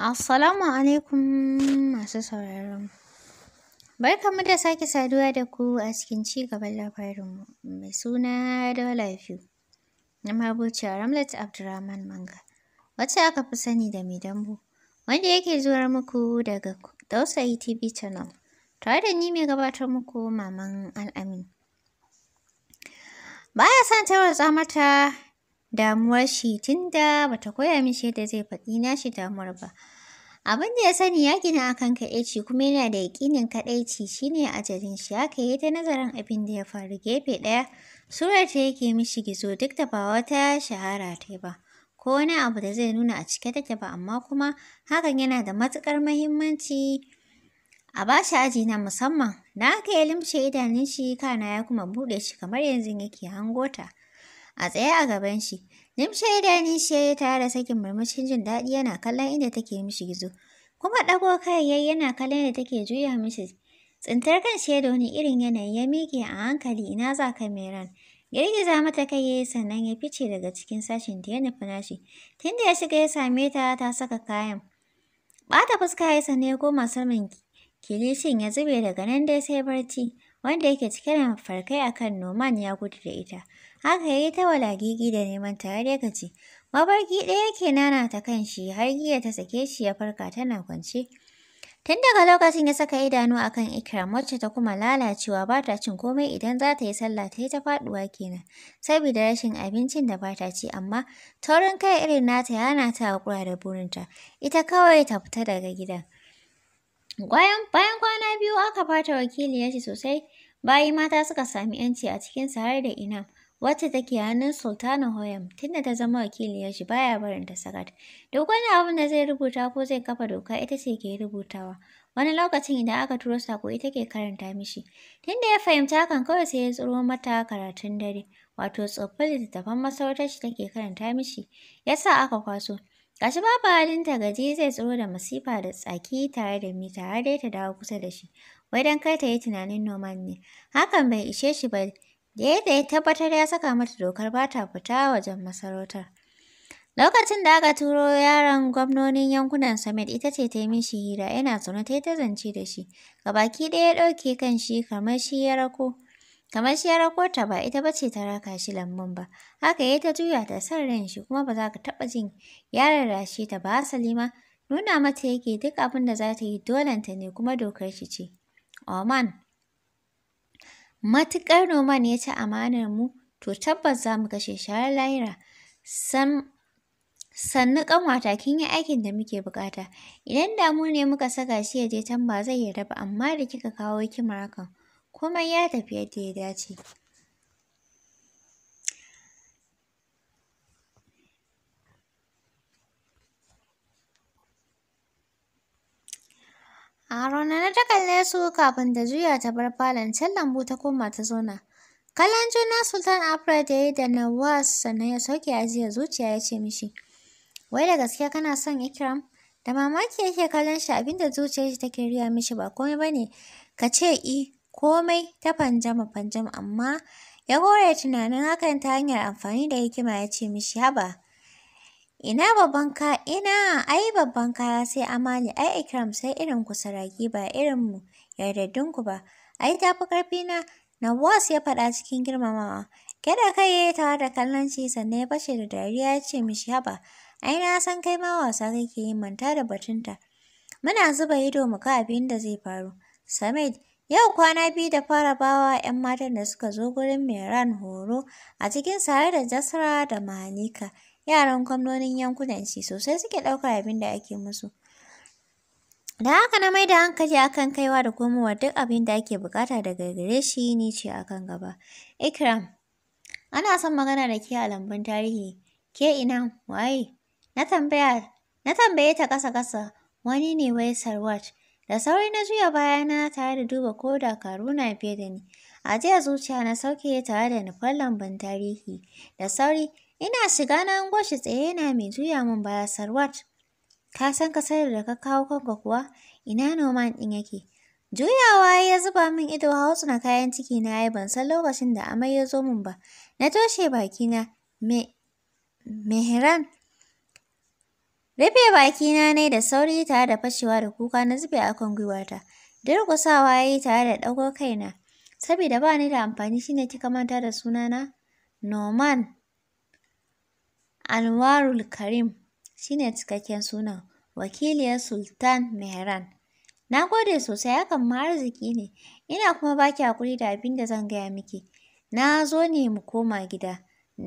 Assalamu alaikum masu sauraron mu. Barkanmu da sake saduwa da ku a cikin ci gaban labarinmu mai suna Dola View na mabuciya Ramlet Abdurrahman Manga wacce aka fi sani da mai dambu wanda yake zuwa muku daga Dausa TV channel tare da ni mai gabatar muku Maman Al'amin. Baya son tarwatsa mata damuwar shi tunda bata koya mishi yadda zai faɗi na shi damuwar ba. Abin da ya sani ya gina akan kaɗaici eh, kuma yana da yaƙinin kaɗaici shine ajalin shi haka yayi ta nazarin abin da ya faru gefe ɗaya surar ta yake mishi gizo duk da ba wata shahara ta ba ko wani abu da zai nuna a cike take ba amma kuma hakan yana da matuƙar muhimmanci a bashi aji na musamman na haka ya limshe idanun shi kana ya kuma buɗe shi kamar yanzu yake hangota. a tsaye a gaban shi. Nimshe idani shi ya tare da sakin murmushin jin daɗi yana kallon inda take mishi gizo. Kuma ɗago kai yana kallon da take juya mishi. Tsintar kan shi da wani irin yanayi ya miƙe a hankali ina za ka ran? Girgiza mata kai ya sannan ya fice daga cikin sashin da ya nufi nashi. Tunda ya shiga ya same ta ta saka kayan. Bata fuska ya sannan ya koma saman kilishin ya zube daga nan dai sai barci. Wanda yake cike da mafarkai akan Noman ya gudu da ita. Haka ya yi ta walagigi da neman tare da gaji. Mabarki ɗaya yake nana ta kan shi har giya ta sake shi ya farka tana kwance. Tun daga lokacin ya saka idanu a kan Ikram wacce ta kuma lalacewa ba ta cin komai idan za ta yi sallah ta yi ta faɗuwa kenan. Saboda rashin abincin da ba ta ci amma taurin kai irin nata yana ta haƙura da burinta. Ita kawai ta fita daga gida. Bayan kwana biyu aka bata ya ce sosai bayi mata suka sami ‘yanci a cikin har da ina. wacce take hannun Sultana Hoyam tunda ta zama wakiliyar shi baya barin ta sakat. Duk wani abin da zai rubuta ko zai kafa doka ita ce ke rubutawa. Wani lokacin idan aka turo sako ita ke karanta mishi. Tunda ya fahimta hakan kawai sai ya tsoro mata karatun dare, wato tsoffin littattafan masarautar shi take karanta mishi. Ya sa aka kwaso. Gashi babu halin ta gaji zai tsoro da masifa da tsaki tare da mi tare dai ta dawo kusa da shi. Wai don kai ta yi tunanin noman ne. Hakan bai ishe shi ba da yadda ya tabbatar ya saka mata dokar ba ta fita wajen masarautar. Lokacin da aka turo yaron gwamnonin yankunan Summit ita ce ta yi mishi hira yana zaune ta yi ta zance da shi. baki ɗaya ya ɗauke kan shi kamar shi ya rako. Kamar shi ya rako ta ba ita bace ta raka shi lambun ba. Haka ya ta juya ta san ran shi kuma ba za ka taɓa jin yaron rashi ta ba Salima. Nuna mata yake duk abin da za ta yi dolenta ne kuma dokar shi ce. Oman Matuƙar Noman ya ci mu to tabbas za mu kashe shi layira Sannu ƙanwata kin yi aikin da muke buƙata. Idan da mu ne muka saka shi ya je can ba zai yarda ba, amma da kika kawo hikimar hakan, komai ya tafi yadda ya dace. Arona na ta kalle su kafin ta juya ta bar falon can lambu ta koma ta zauna. Kallon juna Sultan Afra ya yi da Nawaz sannan ya sauke ajiya zuciya ya ce mishi. Wai da gaske kana son Ikram? Da mamaki yake kallon shi abinda zuciyar shi take riya mishi ba komai ba ne. Ka ce i komai ta fanjama fanjama amma ya gore tunanin hakan ta hanyar amfani da hikima ya ce mishi haba. Ina babban ka, ina, ai babban kaya sai amali, ai ikram sai irin ku saraki ba irin mu ku ba. Ai ta fi na, Nawaz ya faɗa cikin girmamawa. kada kai ya yi tare da kallon shi sannan ya fashe da dariya ce mishi haba. Ai na san kai ma wasa kake yi manta da batunta. Muna zuba ido mu ka abin da zai faru. Samid, Yau kwana biyu da fara bawa 'yan matan da suka zo gurin Mehran horo a cikin sare da Jasra da Mahalika. yaran gwamnonin yankunanci sosai suke ɗaukar abin da ake musu. Da haka na mai da hankali akan kaiwa da komowa duk abin da ake bukata daga gare shi ni ce akan gaba. Ikram, ana son magana da ke a lambun tarihi, ke ina waye? Na tambaya, na tambaye ta kasa-kasa, wani ne wai Sarwat. Da sauri na juya baya na tare da duba ko da karuna fiye da ni. A jiya zuciya na sauke tare da nufar lambun tarihi. Da sauri, Ina shiga na hango shi tsaye yana mai juya min baya Sarwat. Ka san ka kasar da ka kawo kanka kuwa? Ina Noman ɗin yake? Juyawa ya zuba min ido hausu na kayan ciki na ai ban san lokacin da amai ya zo min ba. Na toshe bakina, me, Mehran. Rufe bakina ne da sauri tare da fashewa da kuka na zube a kan gwiwata. Durƙusawa ya yi tare da ɗago kaina. Saboda ba ni da amfani shine kika manta da sunana? Noman. Anwarul Karim shine cikakken sunan wakiliyar Sultan Mehran. Na gode sosai hakan ma arziki ne, ina kuma baki hakuri da abin da zan gaya miki. Na zo ne mu koma gida.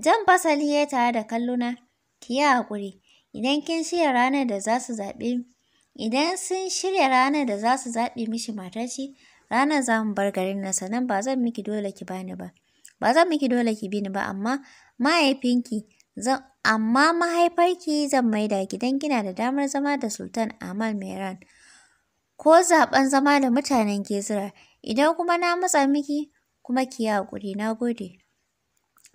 Zan fasali ya tare da kallona, ki yi hakuri. Idan kin shirya ranar da za su zaɓe Idan sun shirya ranar da za su zaɓe mishi matarci, ranar za mu bar garin na sannan ba zan miki dole ki bani ba. Ba zan miki dole ki bini ba amma mahaifinki amma mahaifarki zan maida gidan gina kina da damar zama da Sultan Amal ran Ko zaben zama da mutanen Gezira, idan kuma na matsa miki, kuma ki yi haƙuri, na gode.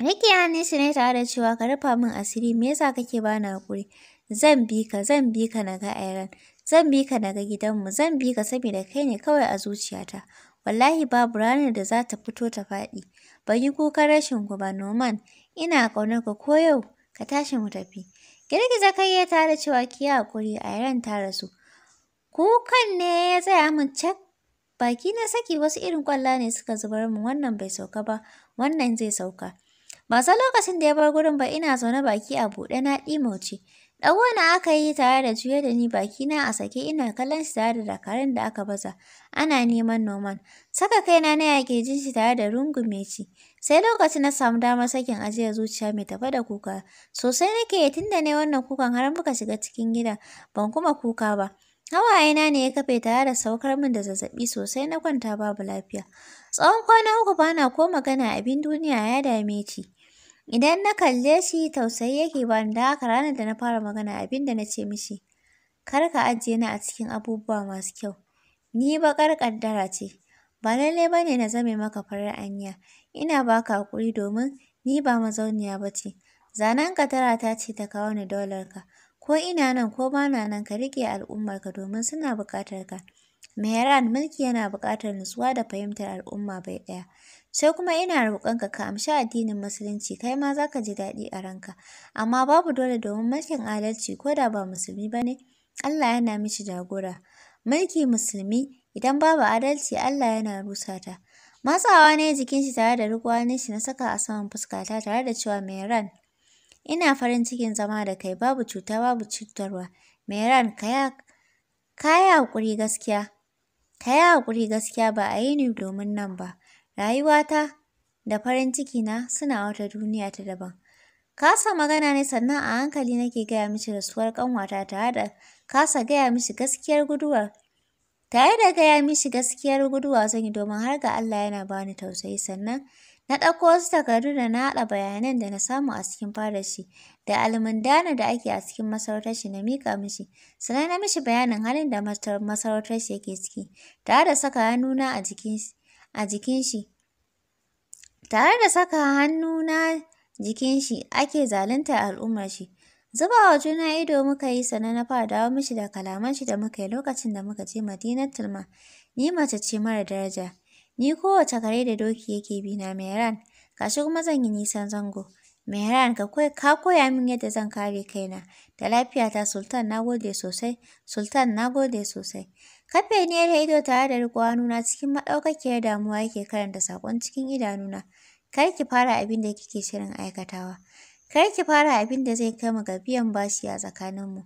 Riki ya shi ne tare da cewa ka rufa min asiri, me yasa kake ba ni haƙuri? Zan bi ka, zan bi ka na ga Iran, zan bi ka na ga gidanmu, zan bi ka saboda kai ne kawai a zuciyata. Wallahi babu ranar da za ta fito ta faɗi. Ban yi kukan rashin ku ba, Noman. ina ƙaunar ka ko yau ka tashi mu tafi. Girgiza kai ya tare cewa ki yi haƙuri a yaran ta rasu. Kukan ne ya tsaya min cak baki na saki wasu irin ƙwalla ne suka zubar min wannan bai sauka ba wannan zai sauka. Masu lokacin da ya bar gurin ba ina zaune baki a buɗe na ɗi ɗimauce. na aka yi tare da juya da ni bakina a sake ina kallon shi tare da dakarun da aka baza. Ana neman noman. Saka kaina na yaƙe jin shi tare da rungume ce. Sai lokacin na samu damar sakin ajiyar zuciya mai tafa da kuka. Sosai nake yi tunda ne wannan kukan har muka shiga cikin gida, ban kuma kuka ba. Hawayena ne ya kafe tare da saukar min da zazzaɓi sosai na kwanta babu lafiya. Tsawon kwana uku bana ko magana abin duniya ya dame ci. Idan na kalle shi tausayi yake bani da haka ranar da na fara magana abin da na ce mishi. Kar ka ajiye ni a cikin abubuwa masu kyau. Ni baƙar ƙaddara ce. Ba lallai ba ne na zame maka farar anya. Ina baka hakuri domin ni ba mazauniya ba ce. Zanen katara ta ce ta kawo ni ka Ko ina nan ko bana nan ka rike al'ummar ka domin suna bukatar ka. Mehran mulki yana bukatar nutsuwa da fahimtar al'umma bai ɗaya. Sai kuma ina roƙonka ka amshi addinin musulunci kai ma za ka ji daɗi a ranka. Amma babu dole domin mulkin adalci ko da ba musulmi ba ne, Allah yana mishi jagora. Mulki musulmi idan babu adalci Allah yana rusa ta. Matsawa ne jikin shi tare da riƙo shi na saka a saman fuskata tare da cewa Meran, ina farin cikin zama da kai babu cuta babu cutarwa. Meran, kaya kaya hakuri gaskiya. Ka hakuri gaskiya ba a yi ni domin nan ba. Rayuwata da farin ciki na suna wata duniya ta daban. Kasa magana ne sannan a hankali nake gaya mishi rasuwar ƙanwata tare da kasa gaya mishi gaskiyar guduwar Tare da gaya mishi gaskiyar guduwa zan yi domin har ga Allah yana bani tausayi sannan na ɗauko wasu takardu da na haɗa bayanan da na samu a cikin fadar shi da almundana da ake a cikin masarautar shi na miƙa mishi sannan na mishi bayanin halin da masarautar shi yake ciki tare da saka hannuna a jikin a jikin shi tare da saka hannuna jikin shi ake zaluntar al'ummar shi Zuba wa juna ido muka yi sannan na fara dawo mishi da kalaman shi da muka yi lokacin da muka je Madinar Tulma. Ni mace ce mara daraja. Ni kowace kare da doki yake bi na Mehran. kashi kuma zan yi nisan zango. Mehran ka koya min yadda zan kare kaina. Da lafiyata Sultan na gode sosai. Sultan na gode sosai. Kafe ne da ido tare da riƙo nuna cikin maɗaukakiyar damuwa yake karanta sakon cikin idanuna. Kar ki fara abin da kike shirin aikatawa. Kar ki fara abin da zai kai mu ga biyan bashi a tsakaninmu.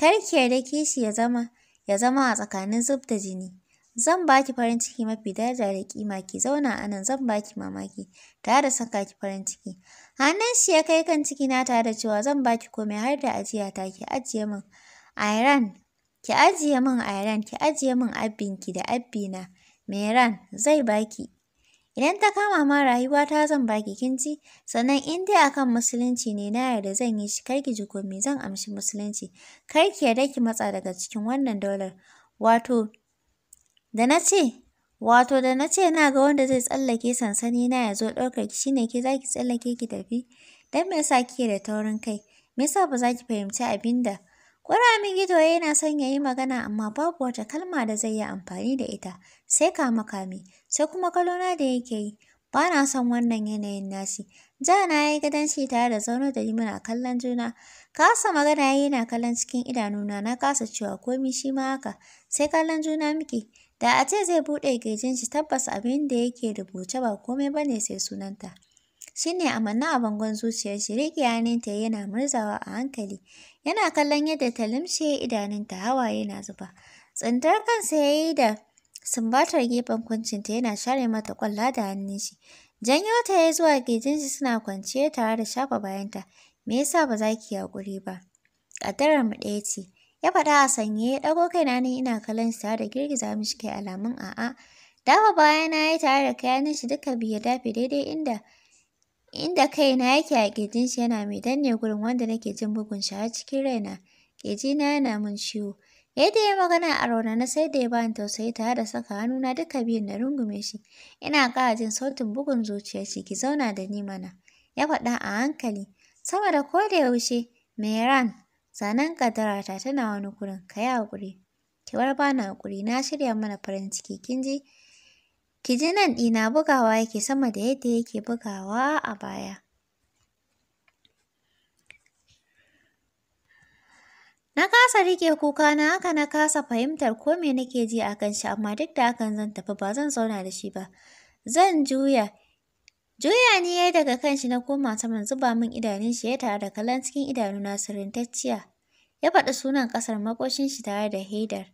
Kar ki yarda kishi ya zama ya zama a tsakanin zub da jini. Zan ba ki farin ciki mafi daraja da kima ki zauna a nan zan ba ki mamaki tare da saka ki farin ciki. Hannun shi ya kai kan ciki na tare da cewa zan ba ki komai har da ajiyata ta ki ajiye min Iran ki ajiye min Iran ki ajiye min abbinki da abbina Meran zai baki Idan ta kama ma rayuwata zan baki kin sannan in dai akan musulunci ne na yarda zan yi shi kar ki ji komai zan amshi musulunci. Kar ki yarda ki matsa daga cikin wannan daular. Wato da na ce wato da na ce na ga wanda zai tsallake sansani na ya zo ɗaukar ki shine ke za ki tsallake ki tafi. Dan me yasa kike da taurin kai? Me yasa ba za ki fahimci abinda? amin Gido yana son ya yi magana amma babu wata kalma da zai yi amfani da ita, sai kame sai kuma kalona da yake yi. Ba na son wannan yanayin nasi Ja na yi gadon shi tare da zaune da yi muna kallon juna. Kasa magana yana kallon cikin idanuna na kasa cewa komi shi ma haka, sai kallon juna muke. Da a ce zai buɗe gejin shi tabbas abin da yake rubuce ba komai ba ne sai sunanta. shi ne manna a bangon zuciyar shi riƙe hannunta yana murzawa a hankali. Yana kallon yadda ta limshe idanunta hawaye na zuba. Tsintar kansa ya yi da sumbatar gefen kuncinta yana share mata kwalla da hannun shi. Janyo ta ya zuwa gejin shi suna kwanciya tare da shafa bayanta. Me yasa ba za ki haƙuri ba? Ƙaddarar mu ɗaya ce. Ya faɗa a sanye ya ɗago kaina ne ina kallon shi tare da girgiza mishi kai alamun a'a. Dafa bayana ya yi tare da kayanin shi duka biyu ya dafe daidai inda inda kaina yake a ƙirjin shi yana mai danne gurin wanda nake jin bugun shi har cikin raina ƙirjina yana min ciwo yadda ya magana a raunana sai da ya bani tausayi tare da saka hannu na duka biyun na rungume shi ina ƙara jin sautin bugun zuciyar shi ki zauna da ni mana ya faɗa a hankali sama da ko da yaushe meran zanen kadarata tana wani gurin ka yi haƙuri ki bar bani haƙuri na shirya mana farin ciki kin ji Ki ji nan ɗina bugawa yake sama da yadda yake bugawa a baya. Na kasa rike kuka na haka na kasa fahimtar ko me nake ji a kan shi amma duk da hakan zan tafi ba zan zauna da shi ba. Zan juya. Juya ni yayi daga kan shi na koma saman zuba min idanun shi ya tare da kallon cikin idanuna sirrintacciya. Ya faɗi sunan ƙasar makoshin shi tare da Haidar.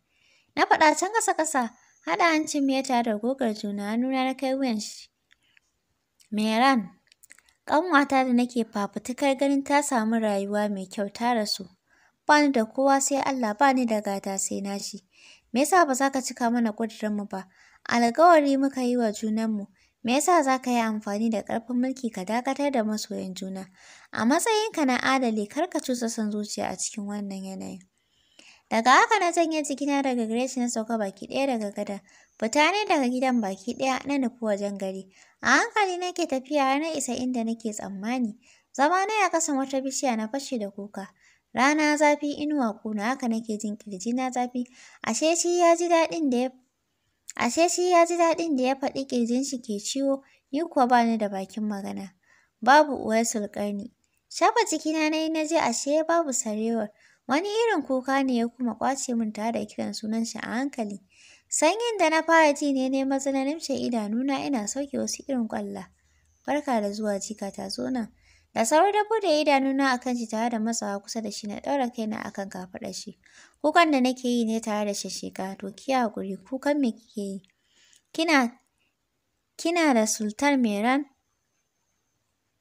Na faɗa can ƙasa ƙasa Haɗa hancin me da gogar juna hannuna na kai wuyan shi. Meran, ƙanwata da nake fafutukar ganin ta samu rayuwa mai kyau ta rasu. Ba ni da kowa sai Allah, ba ni da gata sai nashi. Me yasa ba za ka cika mana ƙudurinmu ba? Alƙawari muka yi wa junanmu. Me yasa za ka yi amfani da ƙarfin mulki ka dakatar da masoyan juna? A matsayinka na adali kar ka cusa son zuciya a cikin wannan yanayin. Daga haka na janye cikina daga gare na sauka baki ɗaya daga gada. Fita ne daga gidan baki ɗaya na nufi wajen gari. A hankali nake tafiya har na isa inda nake tsammani. Zama na ya kasan wata bishiya na fashe da kuka. Rana zafi inuwa kuna haka nake jin kirji na zafi. Ashe shi ya ji daɗin da ya Ashe shi ya ji daɗin da ya faɗi kirjin shi ke ciwo, ni kuwa ba ni da bakin magana. Babu uwar sulƙarni. Shafa jikina na yi na je ashe babu sarewar. Wani irin kuka ne ya kuma ƙwace min tare da kiran sunan shi a hankali. Sanyin da na fara ji ne ne idanu idanuna ina sauke wasu irin ƙwalla. Barka da zuwa jika ta zo nan. Da sauri da bude idanuna akan shi tare da matsawa kusa da shi na ɗaura kaina akan kafaɗar shi. Kukan da nake yi ne tare da shashika to ki guri kukan me kike yi? Kina kina da sultan Meran?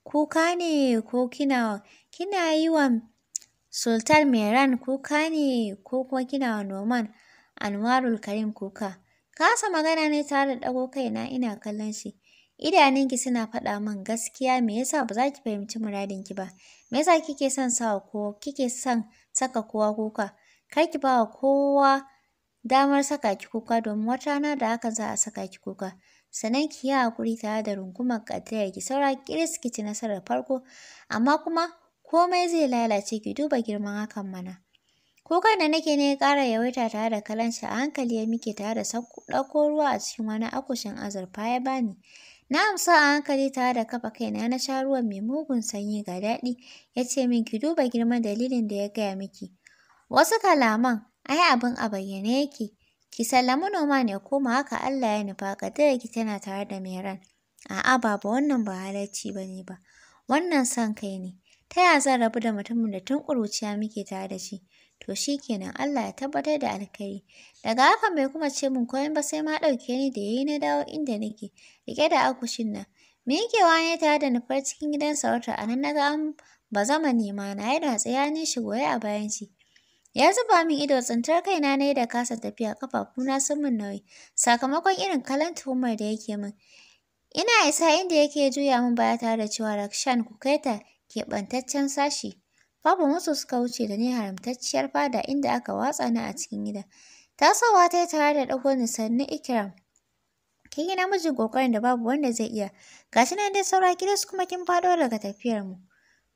Kuka ne ko kina kina yi wa Sultan Meran kuka ne ko kuma kina wa Noman Anwarul Karim kuka? Kasa magana ne tare da ɗago kaina ina kallon shi. Idanunki suna faɗa min gaskiya me yasa ba za ki fahimci muradin ki ba? Me yasa kike son sawa kowa kike son saka kowa kuka? Kar ki ba wa kowa damar saka ki kuka domin wata rana da hakan za a saka ki kuka. Sannan ki yi haƙuri tare da rungumar ki saura ƙiris ki ci nasarar farko amma kuma komai zai lalace ki duba girman hakan mana. kai da nake ne kara ƙara yawaita tare da kalanci a hankali ya miki tare da ɗauko ruwa a cikin wani akushin azurfa ya bani. Na amsa a hankali tare da kafa kaina na sha ruwan mai mugun sanyi ga daɗi ya ce min ki duba girman dalilin da ya gaya miki. Wasu kalaman ai abin a bayyane yake. Ki sallamu noma ne, koma haka Allah ya nufa ƙaddarar ki tana tare da mai ran. A'a baba wannan ba halarci ba ba. Wannan son kai ne. Ta yaya zan rabu da mutumin da tun ƙuruciya muke tare da shi? To shi kenan Allah ya tabbatar da alkhairi. Daga haka mai kuma ce min koyon ba sai ma ɗauke ni da yayi na dawo inda nake, Rike da akushin nan. Miƙewa wani tare da nufar cikin gidan sarauta a nan na ga an bazama nema na yana tsaya ne shi goye a bayan shi. Ya zuba min ido tsintar kaina na da kasa tafiya kafafuna sun min nauyi sakamakon irin kalan tuhumar da yake min. Ina isa inda yake juya min baya tare da cewa Rakshan ku kai ta keɓantaccen sashi. Babu musu suka wuce da ni haramtacciyar fada inda aka watsa ni a cikin gida. Tasowa ta yi tare da ɗago ni sannu Ikram. Kin yi namijin ƙoƙarin da babu wanda zai iya. Ga shi nan dai saura su kuma kin faɗo daga tafiyar mu.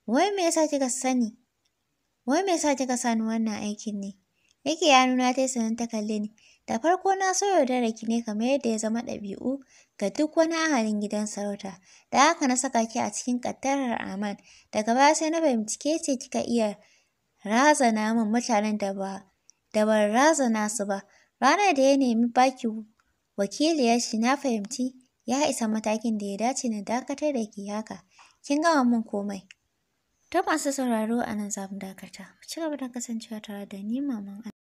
Wai me yasa kika sani? Wai me yasa kika sani wannan aikin ne? Yake ya nuna ta yi sannan ta kalle ni. Da farko na so yaudarar ki ne kamar yadda ya zama ɗabi'u ga duk wani ahalin gidan sarauta. Da haka na saka ki a cikin ƙaddarar Aman. Daga baya sai na fahimci ke ce kika iya razana min mutanen da ba da ban razana su ba. Ranar da ya nemi baki wakiliyar shi na fahimci ya isa matakin da ya dace na dakatar da ke haka. Kin gama min komai. Ta masu sauraro a nan za dakata. Ku ci gaba da kasancewa tare da ni maman